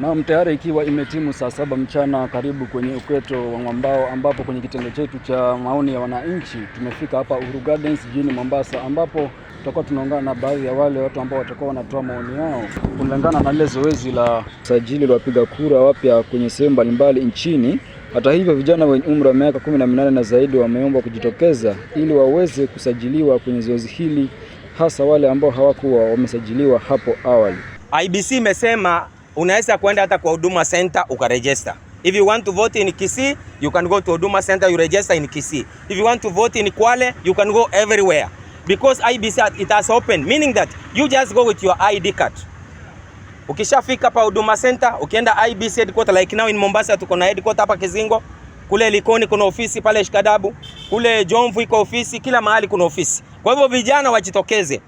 Naam, tayari ikiwa imetimu saa saba mchana, karibu kwenye ukweto wa Mwambao, ambapo kwenye kitengo chetu cha maoni ya wananchi tumefika hapa Uhuru Gardens jijini Mombasa, ambapo tutakuwa tunaungana na baadhi ya wale watu ambao watakuwa wanatoa maoni yao kulingana na lile zoezi la sajili la wapiga kura wapya kwenye sehemu mbalimbali nchini. Hata hivyo, vijana wenye umri wa miaka kumi na minane na zaidi wameomba kujitokeza ili waweze kusajiliwa kwenye zoezi hili, hasa wale ambao hawakuwa wamesajiliwa hapo awali. IBC imesema unaweza kwenda hata kwa Huduma Center ukaregister. If you want to vote in Kisii, you can go to Huduma Center, you register in Kisii. If you want to vote in Kwale, you can go everywhere. Because IBC it has opened, meaning that you just go with your ID card. Ukishafika pa Huduma Center, ukienda IBC headquarter like now in Mombasa tuko na headquarter hapa Kizingo, kule Likoni kuna ofisi pale Shikadabu, kule Jomvu iko ofisi, kila mahali kuna ofisi. Kwa hivyo vijana wajitokeze.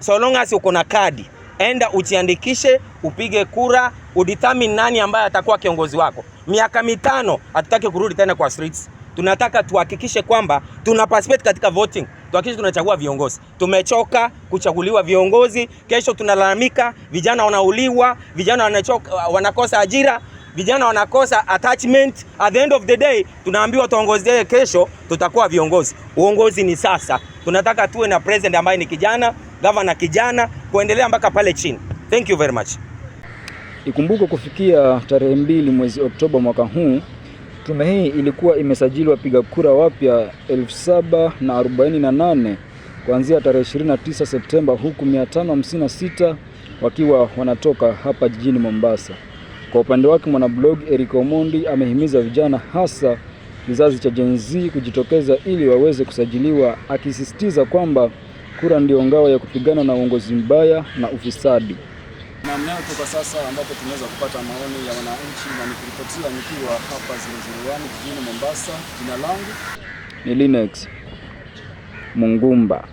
So long as uko na kadi enda ujiandikishe, upige kura, udetermine nani ambaye atakuwa kiongozi wako. Miaka mitano hatutaki kurudi tena kwa streets. Tunataka tuhakikishe kwamba tuna participate katika voting, tuhakikishe tunachagua viongozi. Tumechoka kuchaguliwa viongozi, kesho tunalalamika, vijana wanauliwa, vijana wanachoka, wanakosa ajira, vijana wanakosa attachment. At the end of the day tunaambiwa tuongozee, kesho tutakuwa viongozi. Uongozi ni sasa. Tunataka tuwe na president ambaye ni kijana gavana kijana kuendelea mpaka pale chini. Thank you very much. Ikumbuke kufikia tarehe mbili mwezi Oktoba mwaka huu tume hii ilikuwa imesajili wapiga kura wapya 748 kuanzia tarehe 29 Septemba, huku 556 wakiwa wanatoka hapa jijini Mombasa. Kwa upande wake mwanablog Eric Omondi amehimiza vijana hasa kizazi cha Gen Z kujitokeza ili waweze kusajiliwa, akisisitiza kwamba kura ndio ngao ya kupigana na uongozi mbaya na ufisadi. Namneo toka sasa ambapo tunaweza kupata maoni ya wananchi, na nikiripotia nikiwa hapa Zilizuriani jijini Mombasa. Jina langu ni Linex Mungumba.